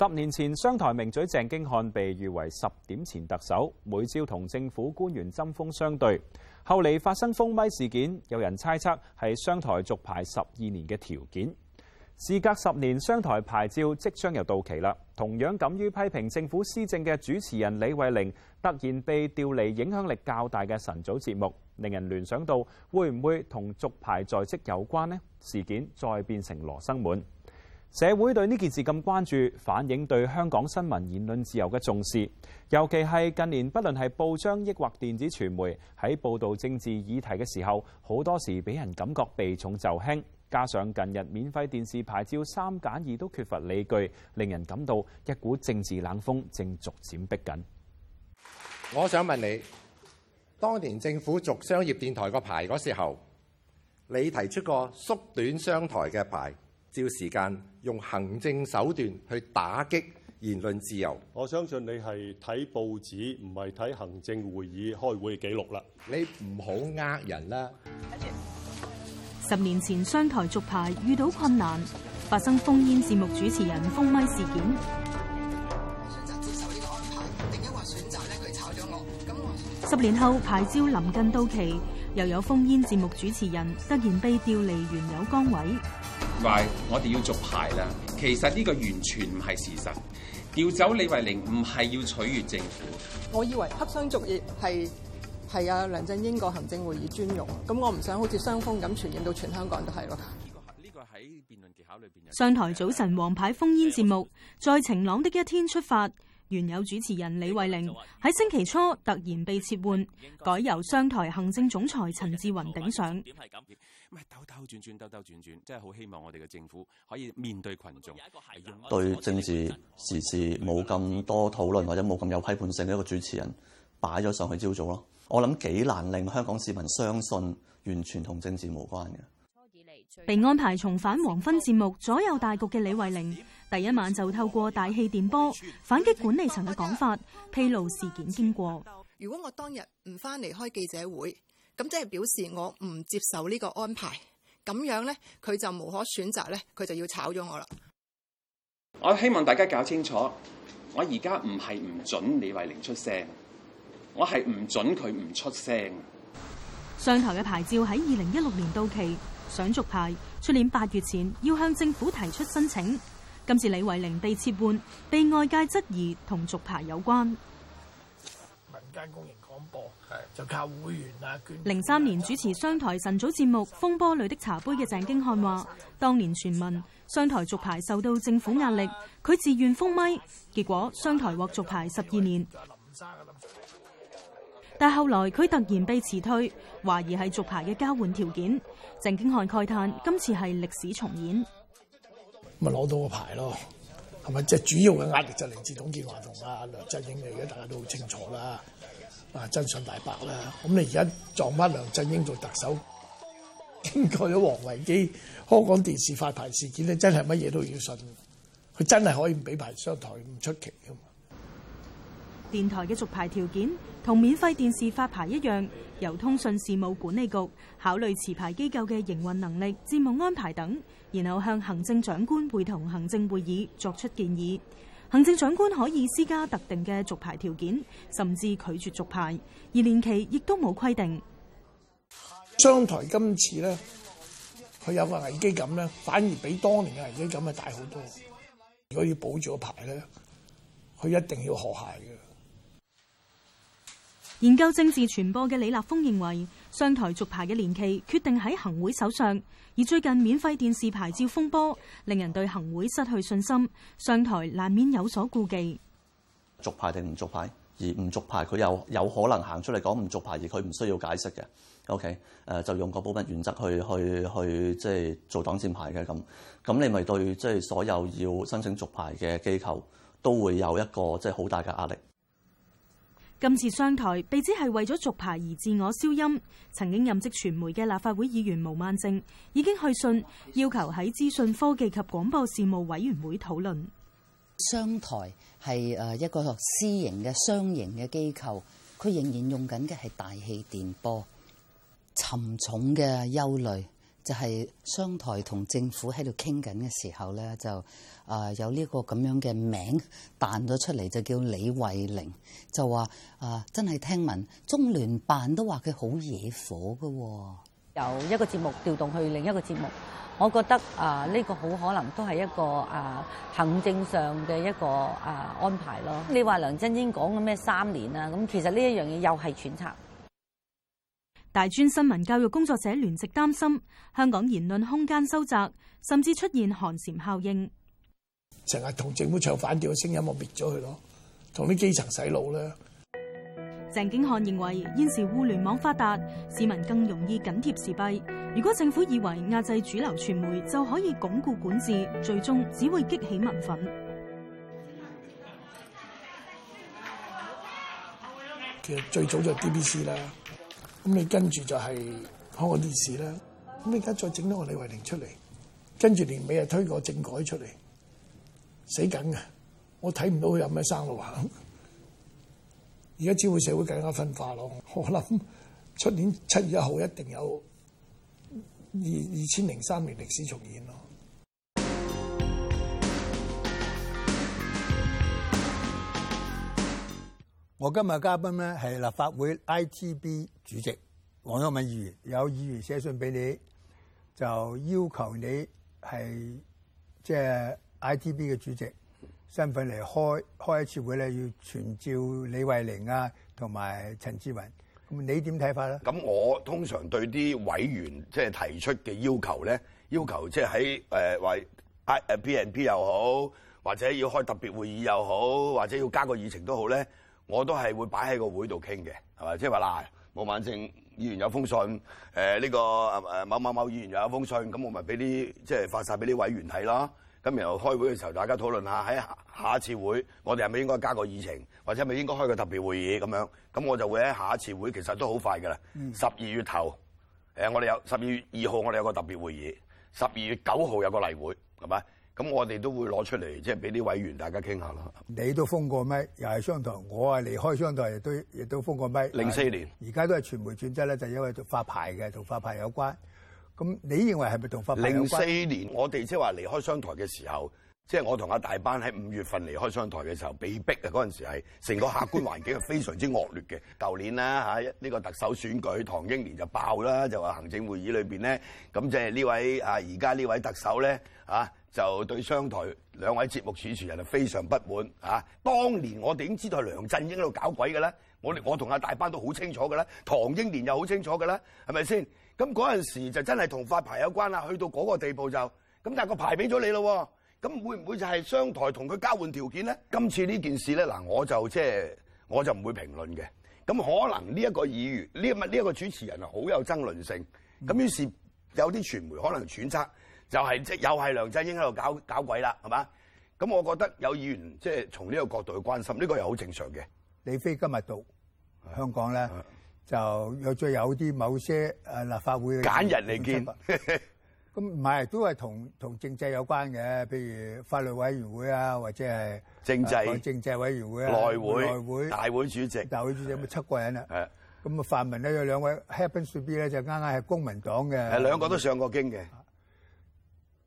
十年前，商台名嘴鄭經翰被譽為十點前特首，每朝同政府官員針鋒相對。後嚟發生封咪事件，有人猜測係商台續牌十二年嘅條件。事隔十年，商台牌照即將又到期啦。同樣敢於批評政府施政嘅主持人李慧玲，突然被調離影響力較大嘅晨早節目，令人聯想到會唔會同續牌在即有關呢？事件再變成羅生門。社會對呢件事咁關注，反映對香港新聞言論自由嘅重視。尤其係近年，不論係報章抑或電子傳媒，喺報導政治議題嘅時候，好多時俾人感覺避重就輕。加上近日免費電視牌照三揀二都缺乏理據，令人感到一股政治冷風正逐漸逼緊。我想問你，當年政府續商業電台個牌嗰時候，你提出過縮短商台嘅牌照時間用行政手段去打擊言論自由。我相信你係睇報紙，唔係睇行政會議開會記錄啦。你唔好呃人啦。十年前，商台續牌遇到困難，發生烽煙節目主持人封咪事件。我選擇接受呢個安排，定一話選擇呢，佢炒咗我。咁十年後，牌照臨近到期，又有烽煙節目主持人突然被調離原有崗位。話我哋要續牌啦，其實呢個完全唔係事實。調走李慧玲唔係要取悦政府。我以為黑箱作業係係阿梁振英個行政會議專用，咁我唔想好似雙風咁傳染到全香港人都係咯。呢個呢個喺辯論技巧裏邊。商台早晨，王牌烽煙節目，在晴朗的一天出發。原有主持人李慧玲喺星期初突然被撤換，改由商台行政總裁陳志雲頂上。點係咁？兜兜轉轉兜兜轉轉，即係好希望我哋嘅政府可以面對羣眾，對政治時事冇咁多討論或者冇咁有，有批判性嘅一個主持人擺咗上去朝早咯。我諗幾難令香港市民相信，完全同政治無關嘅。初嚟被安排重返黃昏節目左右大局嘅李慧玲。第一晚就透過大氣電波反擊管理層嘅講法，披露事件經過。如果我當日唔返嚟開記者會，咁即係表示我唔接受呢個安排。咁樣呢，佢就無可選擇咧，佢就要炒咗我啦。我希望大家搞清楚，我而家唔係唔准李慧玲出聲，我係唔准佢唔出聲。商台嘅牌照喺二零一六年到期，想續牌，出年八月前要向政府提出申請。今次李慧玲被撤換，被外界質疑同續牌有關。民間公營廣播就靠會員啊。零三年主持商台晨早節目《風波裡的茶杯》嘅鄭經翰話，當年傳聞商台續牌受到政府壓力，佢自願封咪，結果商台獲續牌十二年。但後來佢突然被辭退，懷疑係續牌嘅交換條件。鄭經翰慨嘆：今次係歷史重演。咁啊攞到個牌咯，係咪？即係主要嘅壓力就嚟自董建華同阿梁振英嚟嘅，大家都好清楚啦。啊，真相大白啦！咁你而家撞翻梁振英做特首，經過咗王維基香港電視發牌事件咧，你真係乜嘢都要信，佢真係可以唔俾牌商台唔出奇噶嘛？電台嘅續牌條件同免費電視發牌一樣，由通訊事務管理局考慮持牌機構嘅營運能力、節目安排等。然後向行政長官會同行政會議作出建議，行政長官可以施加特定嘅續牌條件，甚至拒絕續牌，而年期亦都冇規定。商台今次呢，佢有個危機感呢，反而比當年嘅危機感啊大好多。如果要保住個牌呢，佢一定要和諧嘅。研究政治傳播嘅李立峰認為。商台續牌嘅年期決定喺行會手上，而最近免費電視牌照風波，令人對行會失去信心，商台難免有所顧忌。續牌定唔續牌？而唔續牌，佢又有，有可能行出嚟講唔續牌，而佢唔需要解釋嘅。OK，誒、呃、就用個保密原則去去去，即係做擋箭牌嘅咁。咁你咪對即係、即係、所有要申請續牌嘅機構都會有一個即係好大嘅壓力。今次商台，被指係為咗續牌而自我消音。曾經任職傳媒嘅立法會議員毛孟靜已經去信，要求喺資訊科技及廣播事務委員會討論。商台係誒一個私營嘅商營嘅機構，佢仍然用緊嘅係大氣電波，沉重嘅憂慮。就係、是、商台同政府喺度傾緊嘅時候咧，就啊有呢個咁樣嘅名彈咗出嚟，就叫李慧玲，就話啊真係聽聞中聯辦都話佢好惹火噶，由一個節目調動去另一個節目，我覺得啊呢個好可能都係一個啊行政上嘅一個啊安排咯。你話梁振英講嘅咩三年啊，咁其實呢一樣嘢又係揣測。大專新聞教育工作者聯席擔心香港言論空間收窄，甚至出現寒蟬效應。成日同政府唱反調嘅聲音我滅了了，我滅咗佢咯。同啲基層洗腦啦。鄭經翰認為現時互聯網發達，市民更容易緊貼時弊。如果政府以為壓制主流傳媒就可以鞏固管治，最終只會激起民憤。其實最早就 DBC 啦。咁你跟住就係看電視啦，咁你而家再整多個李慧玲出嚟，跟住年尾又推個政改出嚟，死梗呀，我睇唔到佢有咩生路行。而家只會社會更加分化咯，我諗出年七月一號一定有二二千零三年歷史重演咯。我今日嘉賓咧係立法會 ITB。主席，黃毓民議員，有議員寫信俾你，就要求你係即係、就是、I T B 嘅主席身份嚟開開一次會咧，要傳召李慧玲啊，同埋陳志雲。咁你點睇法咧？咁我通常對啲委員即係、就是、提出嘅要求咧，要求即係喺誒或 I 誒 N P 又好，或者要開特別會議又好，或者要加個議程都好咧，我都係會擺喺個會度傾嘅，係咪即係話嗱？就是我反正議員有封信，誒呢個某某某議員又有一封信，咁我咪俾啲即係發晒俾啲委員睇囉。咁然後開會嘅時候，大家討論下喺下一次會，我哋係咪應該加個議程，或者係咪應該開個特別會議咁樣？咁我就會喺下一次會，其實都好快㗎啦。十二月頭，誒我哋有十二月二號，我哋有個特別會議；十二月九號有個例會，係咪？咁我哋都會攞出嚟，即係俾啲委員大家傾下啦。你都封過咪，又係商台，我係離開商台亦都亦都封過咪。零四年，而家都係傳媒轉質咧，就因為發牌嘅同發牌有關。咁你認為係咪同發牌零四年我哋即係話離開商台嘅時候，即係我同阿大班喺五月份離開商台嘅時候，被逼啊，嗰陣時係成個客觀環境係非常之惡劣嘅。舊 年啦呢、呢個特首選舉，唐英年就爆啦，就話行政會議裏面咧，咁即係呢位啊，而家呢位特首咧啊。就對商台兩位節目主持人啊非常不滿啊！當年我哋已經知道係梁振英喺度搞鬼嘅啦，我我同阿大班都好清楚嘅啦，唐英年又好清楚嘅啦，係咪先？咁嗰陣時就真係同發牌有關啦，去到嗰個地步就咁，但係個牌俾咗你咯，咁會唔會就係商台同佢交換條件咧？今次呢件事咧嗱，我就即係我就唔會評論嘅。咁可能呢一個議員呢，呢一個主持人啊好有爭論性，咁於是有啲傳媒可能揣測。就係即係又係梁振英喺度搞搞鬼啦，係嘛？咁我覺得有議員即係從呢個角度去關心，呢個又好正常嘅。李飛今日到香港咧，就又再有啲某些誒立法會揀人嚟見，咁唔係都係同同政制有關嘅，譬如法律委員會啊，或者係政制委員會內會、大會主席。大會主席有冇七個人啊？咁啊，泛民咧有兩位，Happen to be 咧就啱啱係公民黨嘅。誒，兩個都上過京嘅。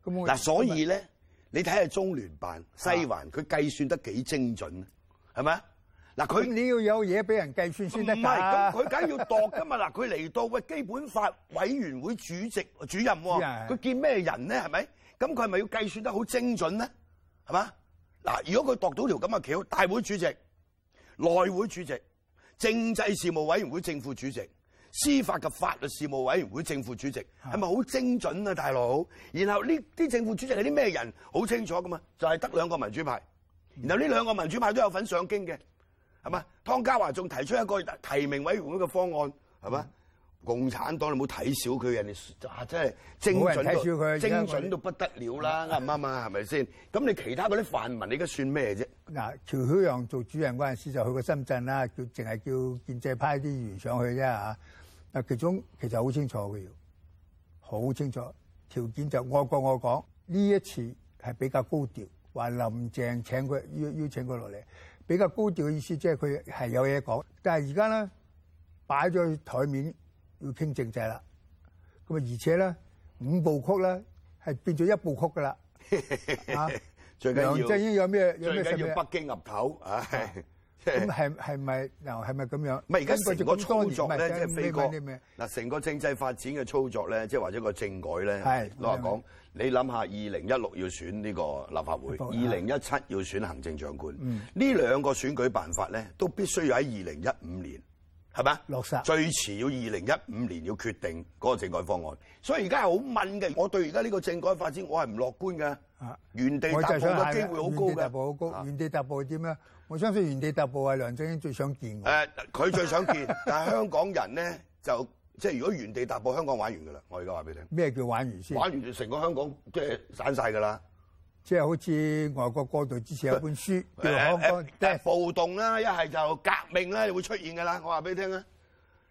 嗱，所以咧，你睇下中聯辦西環佢計算得幾精準。係咪啊？嗱，佢你要有嘢俾人計算先得㗎。唔係，咁佢梗要度㗎嘛？嗱，佢嚟到喂，基本法委員會主席主任喎，佢見咩人咧？係咪？咁佢係咪要計算得好精準咧？係嘛？嗱，如果佢度到條咁嘅橋，大會主席、內會主席、政制事務委員會正副主席。司法及法律事務委員會正副主席係咪好精準啊，大佬？然後呢啲正副主席係啲咩人？好清楚噶嘛，就係、是、得兩個民主派。然後呢兩個民主派都有份上京嘅，係嘛？湯家驊仲提出一個提名委員會嘅方案，係嘛？嗯、共產黨你冇睇少佢，人哋啊真係精準佢，精準到不得了啦，啱唔啱啊？係咪先？咁你其他嗰啲泛民你，你而家算咩啫？嗱，喬曉陽做主任嗰陣時就去過深圳啦，叫淨係叫建制派啲議員上去啫嚇。嗱，其中其實好清楚嘅，好清楚條件，就我講我講，呢一次係比較高調，話林鄭請佢邀邀請佢落嚟，比較高調嘅意思即係佢係有嘢講，但係而家咧擺咗台面要傾政制啦，咁啊而且咧五部曲咧係變咗一部曲噶啦 最緊要。林鄭已有咩有咩？最要北京岌頭啊！ 咁係係咪又係咪咁樣？唔係而家成個操作咧，即係飛哥嗱，成個政制發展嘅操作咧，即係話咗個政改咧，老實講，你諗下，二零一六要選呢個立法會，二零一七要選行政長官，呢兩個選舉辦法咧，都必須要喺二零一五年，係咪啊？落實最遲要二零一五年要決定嗰個政改方案，所以而家係好問嘅。我對而家呢個政改發展，我係唔樂觀嘅。原地踏步嘅機會好高嘅，原地踏步好高是，原地踏步係點咧？我相信原地踏步係梁振英最想見嘅、啊。誒，佢最想見，但係香港人咧就即係如果原地踏步，香港玩完㗎啦。我而家話俾你聽。咩叫玩完先？玩完成個香港即係散晒㗎啦。即係好似外國過渡之前有本書，啊、叫香港。係、啊啊啊啊、暴動啦、啊，一係就革命啦、啊，會出現㗎啦。我話俾你聽啊，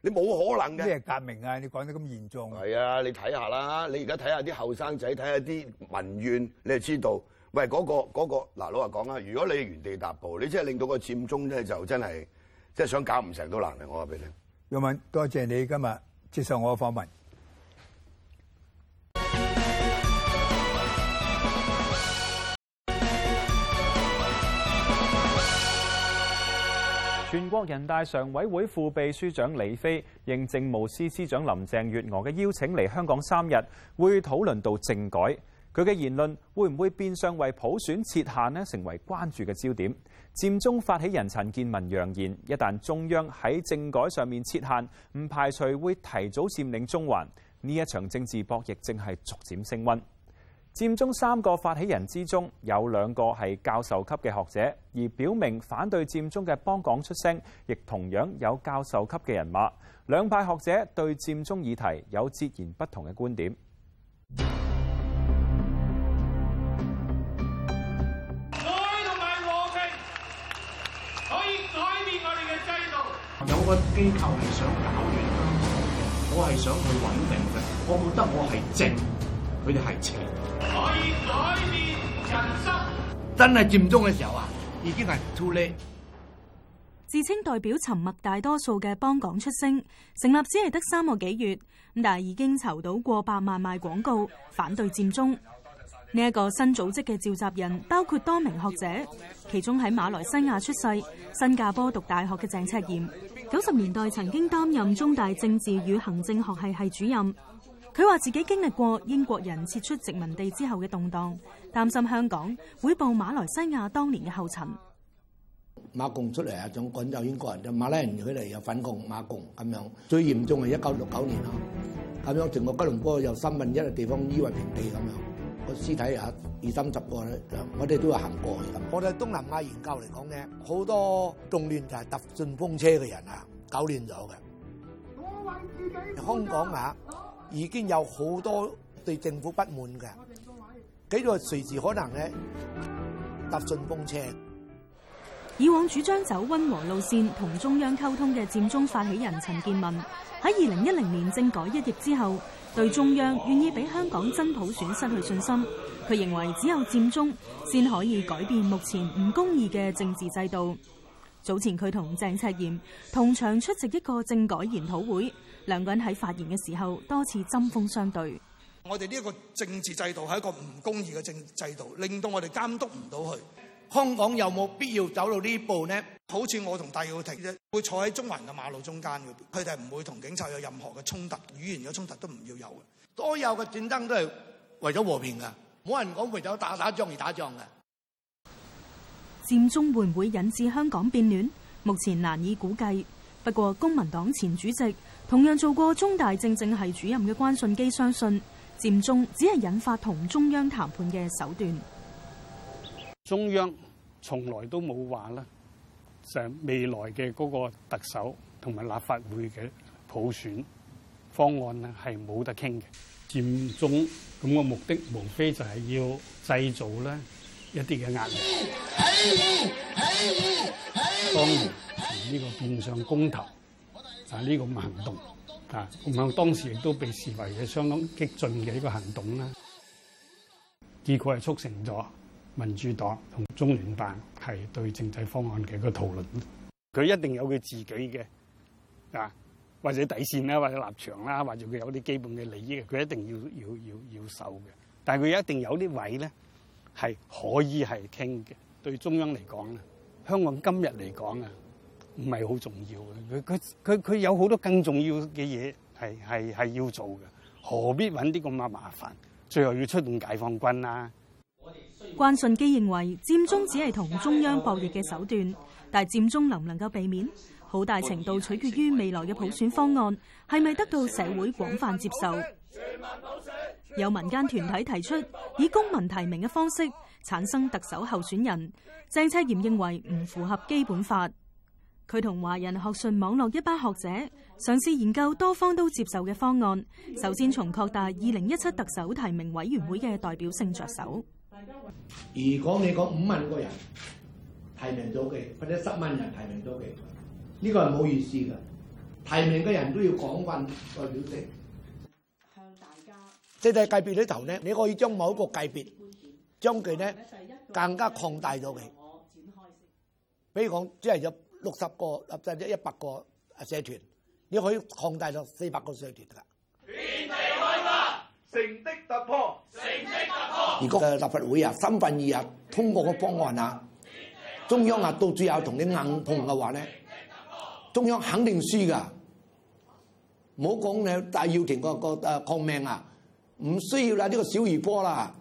你冇可能嘅。咩革命啊？你講得咁嚴重。係啊，你睇下啦，你而家睇下啲後生仔，睇下啲民怨，你就知道。喂，嗰個嗰個，嗱老實講啦，如果你原地踏步，你真係令到個佔中咧，就真係即係想搞唔成都難嘅，我話俾你聽。毓民，多謝你今日接受我嘅訪問。全國人大常委會副秘書長李飛應政務司司長林鄭月娥嘅邀請嚟香港三日，會討論到政改。佢嘅言論會唔會變相為普選設限呢？成為關注嘅焦點。佔中發起人陳建民揚言，一旦中央喺政改上面設限，唔排除會提早佔領中環。呢一場政治博弈正係逐漸升溫。佔中三個發起人之中有兩個係教授級嘅學者，而表明反對佔中嘅幫港出聲，亦同樣有教授級嘅人馬。兩派學者對佔中議題有截然不同嘅觀點。有個機構係想搞亂香港，我係想去穩定嘅。我覺得我係正，佢哋係邪。可以改變人生。真係佔中嘅時候啊，已經係 too late。自稱代表沉默大多數嘅幫港出聲，成立只係得三個幾月，咁但係已經籌到過百萬賣廣告反對佔中。呢、這、一個新組織嘅召集人包括多名學者，其中喺馬來西亞出世、新加坡讀大學嘅鄭赤琰。九十年代曾經擔任中大政治與行政學系系主任，佢話自己經歷過英國人撤出殖民地之後嘅動盪，擔心香港會步馬來西亞當年嘅後塵。馬共出嚟啊，仲趕走英國人，就馬來人佢嚟又反共，馬共咁樣，最嚴重係一九六九年啦，咁樣整個吉隆坡有三分一嘅地方夷為平地咁樣。屍體有二三十個咧，我哋都有行過嘅。我哋東南亞研究嚟講咧，好多動亂就係搭順風車嘅人啊，搞亂咗嘅。香港啊，已經有好多對政府不滿嘅，幾多隨時可能咧搭順風車。以往主張走溫和路線同中央溝通嘅佔中發起人陳健民，喺二零一零年政改一役之後。對中央願意俾香港真普選失去信心，佢認為只有佔中先可以改變目前唔公義嘅政治制度。早前佢同鄭赤琰同場出席一個政改研討會，兩個人喺發言嘅時候多次針鋒相對。我哋呢個政治制度係一個唔公義嘅政制度，令到我哋監督唔到佢。香港有冇必要走到呢步呢？好似我同戴耀廷會坐喺中環嘅馬路中間嗰邊，佢哋唔會同警察有任何嘅衝突，語言嘅衝突都唔要有嘅。所有嘅戰爭都係為咗和平噶，冇人講為咗打打仗而打仗噶。佔中會唔會引致香港變亂？目前難以估計。不過，公民黨前主席同樣做過中大正正系主任嘅關信基相信，佔中只係引發同中央談判嘅手段。中央從來都冇話啦，就係未來嘅嗰個特首同埋立法會嘅普選方案咧，係冇得傾嘅。佔中咁嘅目的無非就係要製造咧一啲嘅壓力。當然呢個變相公投，但係呢個咁嘅行動啊，咁樣當時亦都被視為嘅相當激進嘅一個行動啦。結果係促成咗。民主黨同中聯辦係對政制方案嘅一個討論，佢一定有佢自己嘅啊，或者底線啦，或者立場啦，或者佢有啲基本嘅利益嘅，佢一定要要要要守嘅。但係佢一定有啲位咧係可以係傾嘅。對中央嚟講咧，香港今日嚟講啊，唔係好重要嘅。佢佢佢佢有好多更重要嘅嘢係係係要做嘅，何必揾啲咁嘅麻煩？最後要出動解放軍啦！關信基認為佔中只係同中央博弈嘅手段，但佔中能唔能夠避免，好大程度取決於未來嘅普選方案係咪得到社會廣泛接受。有民間團體提出以公民提名嘅方式產生特首候選人，鄭赤琰認為唔符合基本法。佢同華人學信網絡一班學者嘗試研究多方都接受嘅方案，首先從擴大二零一七特首提名委員會嘅代表性着手。如果你講五萬個人提名咗佢，或者十萬人提名咗佢，呢個係冇意思噶。提名嘅人都要廣泛代表性，即係界別裏頭咧，你可以將某一個界別將佢咧更加擴大咗佢。比如講，即係有六十個，立制即一百個社團，你可以擴大咗四百個社團噶。成績突破，成績突破。如果立法會啊三分二啊通過個方案啊，中央啊到最後同、啊、你硬碰嘅話咧，中央肯定輸噶。唔好講你戴耀廷、那個抗命啊，唔需要啦、啊、呢、這個小兒波啦、啊，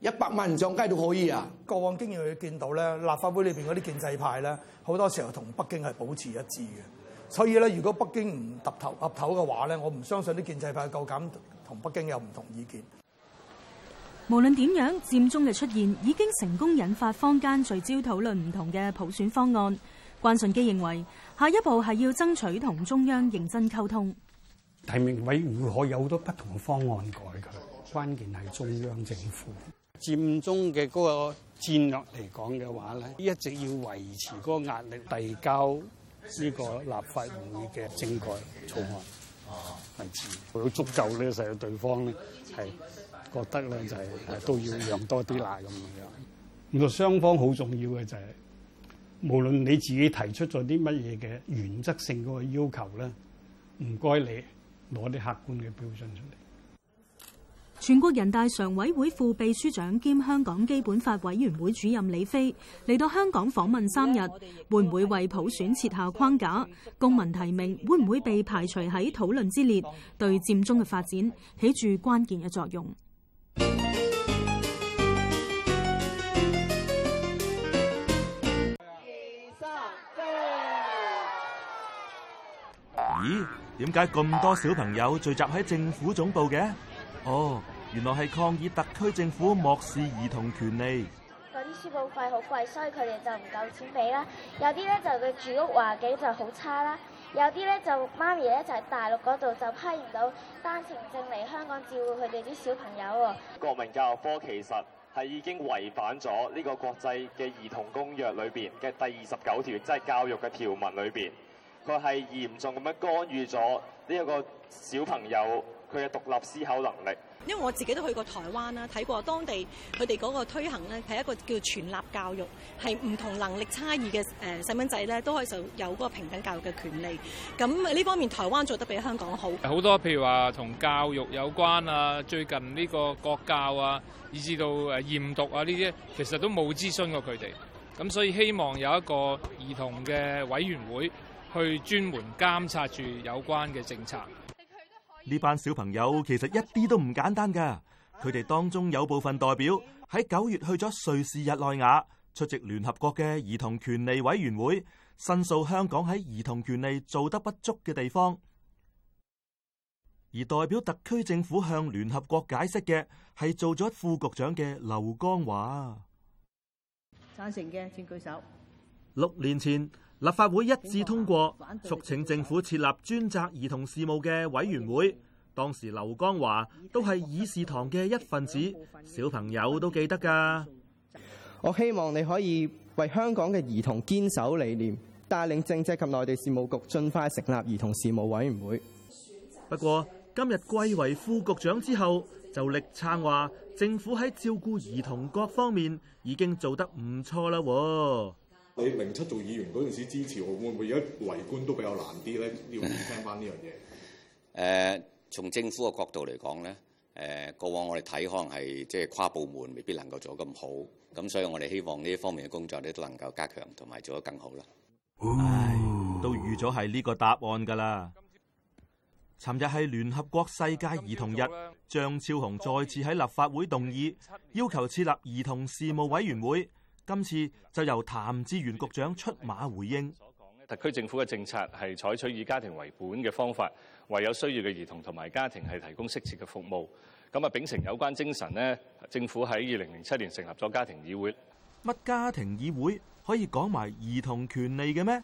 一百萬人上街都可以啊。過往經驗你見到咧，立法會裏邊嗰啲建制派咧，好多時候同北京係保持一致嘅，所以咧如果北京唔岌頭岌頭嘅話咧，我唔相信啲建制派夠膽。同北京有唔同意見，無論點樣，佔中嘅出現已經成功引發坊間聚焦討論唔同嘅普選方案。關信基認為下一步係要爭取同中央認真溝通。提名委員會可有好多不同嘅方案改佢，關鍵係中央政府。佔中嘅嗰個戰略嚟講嘅話咧，一直要維持嗰個壓力，遞交呢個立法會嘅政改草案。哦，位置有足夠咧，使到對方咧係覺得咧就係、是、都要讓多啲啦咁樣。咁個雙方好重要嘅就係、是，無論你自己提出咗啲乜嘢嘅原則性個要求咧，唔該你攞啲客觀嘅標準出嚟。全國人大常委會副秘書長兼香港基本法委員會主任李飛嚟到香港訪問三日，會唔會為普選設下框架？公民提名會唔會被排除喺討論之列？對佔中嘅發展起住關鍵嘅作用。二三四。咦？點解咁多小朋友聚集喺政府總部嘅？哦。原來係抗議特區政府漠視兒童權利。嗰啲書報費好貴，所以佢哋就唔夠錢俾啦。有啲咧就佢住屋環境就好差啦。有啲咧就媽咪咧就喺大陸嗰度就批唔到單程證嚟香港照顧佢哋啲小朋友喎。國民教育科其實係已經違反咗呢個國際嘅兒童公約裏邊嘅第二十九條，即係教育嘅條文裏邊，佢係嚴重咁樣干預咗呢一個小朋友。佢嘅獨立思考能力，因為我自己都去過台灣啦，睇過當地佢哋嗰個推行咧係一個叫全納教育，係唔同能力差異嘅誒細蚊仔咧都可以有嗰個平等教育嘅權利。咁呢方面台灣做得比香港好。好多譬如話同教育有關啊，最近呢個國教啊，以至到誒驗毒啊呢啲，其實都冇諮詢過佢哋。咁所以希望有一個兒童嘅委員會去專門監察住有關嘅政策。呢班小朋友其實一啲都唔簡單噶，佢哋當中有部分代表喺九月去咗瑞士日內瓦出席聯合國嘅兒童權利委員會，申訴香港喺兒童權利做得不足嘅地方，而代表特區政府向聯合國解釋嘅係做咗副局長嘅劉江華。贊成嘅，請舉手。六年前。立法會一致通過，促請政府設立專責兒童事務嘅委員會。當時劉江華都係議事堂嘅一份子，小朋友都記得噶。我希望你可以為香港嘅兒童堅守理念，帶領政制及內地事務局盡快成立兒童事務委員會。不過今日貴為副局長之後，就力撐話政府喺照顧兒童各方面已經做得唔錯啦。你零七做議員嗰陣時支持我，會唔會而家圍觀都比較難啲咧？要聽翻呢樣嘢。誒、 呃，從政府嘅角度嚟講咧，誒、呃，過往我哋睇可能係即係跨部門未必能夠做得咁好，咁所以我哋希望呢方面嘅工作咧都能夠加強同埋做得更好啦。唉，都預咗係呢個答案㗎啦。尋日係聯合國世界兒童日，張超雄再次喺立法會動議，要求設立兒童事務委員會。今次就由譚志源局長出馬回應。特區政府嘅政策係採取以家庭為本嘅方法，為有需要嘅兒童同埋家庭係提供適切嘅服務。咁啊，秉承有關精神呢，政府喺二零零七年成立咗家庭議會。乜家庭議會可以講埋兒童權利嘅咩？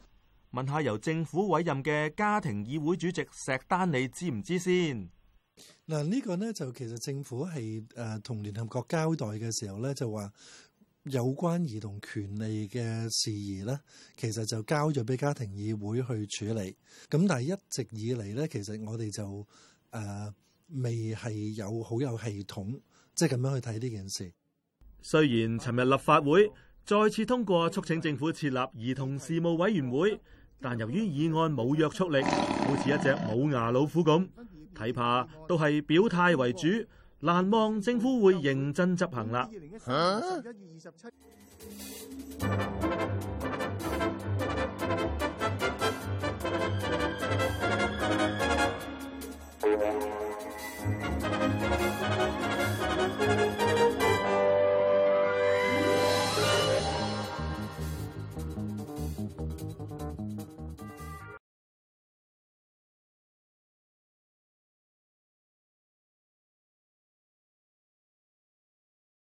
問下由政府委任嘅家庭議會主席石丹理知唔知先？嗱，呢個呢，就其實政府係誒同聯合國交代嘅時候咧就話。有關兒童權利嘅事宜呢，其實就交咗俾家庭議會去處理。咁但係一直以嚟呢，其實我哋就誒、呃、未係有好有系統，即係咁樣去睇呢件事。雖然尋日立法會再次通過促請政府設立兒童事務委員會，但由於議案冇約束力，好似一隻冇牙老虎咁，睇怕都係表態為主。難望政府會認真執行啦。